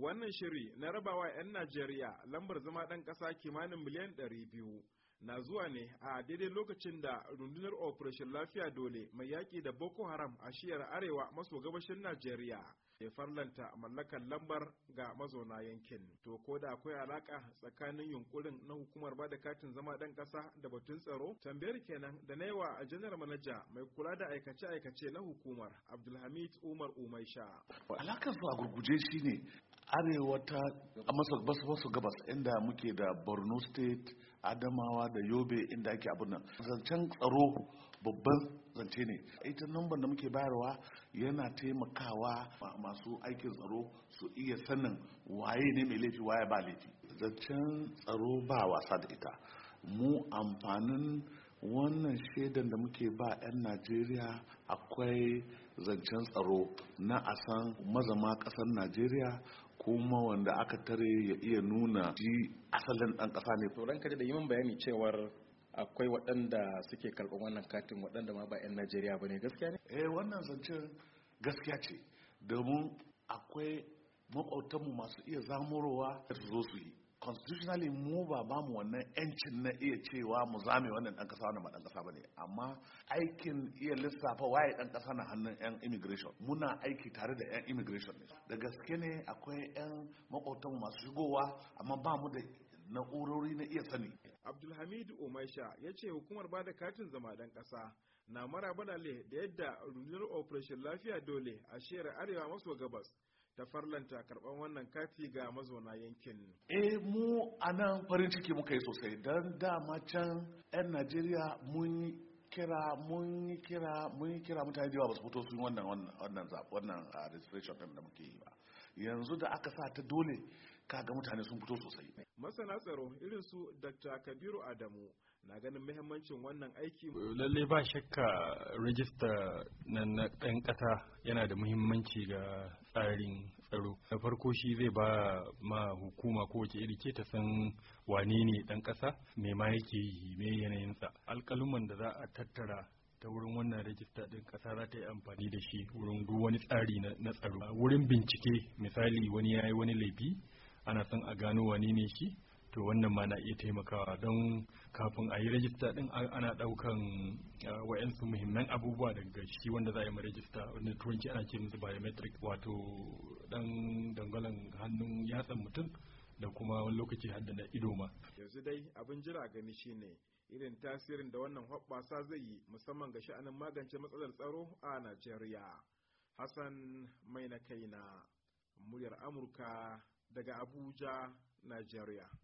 Wannan shiri na rabawa 'yan Najeriya lambar zama ɗan ƙasa kimanin miliyan 200 na zuwa ne a daidai lokacin da rundunar Operation Lafiya Dole mai yaƙi da Boko Haram a shiyar arewa maso gabashin Najeriya ya farlanta mallakar lambar ga mazauna yankin. To ko da akwai alaƙa tsakanin yunkurin na hukumar ba da katin zama ɗan ƙasa da batun tsaro? Tambayar kenan da na yawa a janar manaja mai kula da aikace-aikace na hukumar Abdulhamid Umar Umaisha. Alaƙar zuwa gurguje shi ne arewa ta masu gabas inda muke da borno state adamawa da yobe inda ake abin nan zancen tsaro babban zance ne ita numban da muke bayarwa yana taimakawa masu aikin tsaro su iya sanin waye ne mai laifi waye ba laifi zancen tsaro ba wasa da ita mu amfanin wannan shaidan da muke ba 'yan najeriya akwai zancen tsaro na a san mazama ƙasar najeriya kuma wanda aka tare ya iya nuna ji asalin ɗan ƙasa ne. to ranka da yi min bayani cewar akwai waɗanda suke karɓar wannan katin waɗanda ma ba 'yan najeriya ba ne gaskiya ne? eh wannan zancen gaskiya ce domin akwai maƙwautanmu masu iya zamurowa su zo su yi constitutionally mu ba ba mu wannan yancin na iya cewa mu zame wannan dan kasa wannan ba dan kasa bane amma aikin iya lissafa waye dan kasa na hannun yan immigration muna aiki tare da yan immigration ne da gaske ne akwai yan makwabtan masu shigowa amma ba mu da na'urori na iya sani Abdulhamid Umaisha ya ce hukumar bada katin zama dan kasa na maraba da yadda rundunar operation lafiya dole a shiyar arewa maso gabas ta farlanta karban wannan kati ga mazauna yankin. ne. Eh, e mu a nan farin ciki muka yi sosai don dama can 'yan Najeriya mun kira mun yi kira mun kira mutane da yawa ba su fito sun wannan wannan wannan wannan ah, registration da muke yi ba yanzu da aka sa ta dole kaga mutane sun fito sosai masana tsaro irin su dr kabiru adamu na ganin muhimmancin wannan aiki lalle ba shakka rajista na ɗan ƙasa yana da muhimmanci ga tsarin tsaro na farko shi zai ba ma hukuma ko wace iri ce ta san wane ne ɗan ƙasa mai ma yake yi me yanayinsa alƙaluman da za a tattara ta wurin wannan rajista din kasa za ta yi amfani da shi wurin duk wani tsari na tsaro wurin bincike misali wani ya yi wani laifi ana son a gano wani ne shi to wannan ma na iya taimakawa don kafin a yi rajista din ana ɗaukan wa'yansu muhimman abubuwa daga shi wanda za a yi ma rajista wanda turanci ana ce musu biometric wato ɗan dangalan hannun yatsan mutum da kuma wani lokaci haddana ido ma. Yanzu dai abin jira gani shine irin tasirin da wannan hoɓɓasa zai yi musamman ga sha'anin magance matsalar tsaro a Najeriya. Hassan Mai na kaina, muryar Amurka daga Abuja, Najeriya.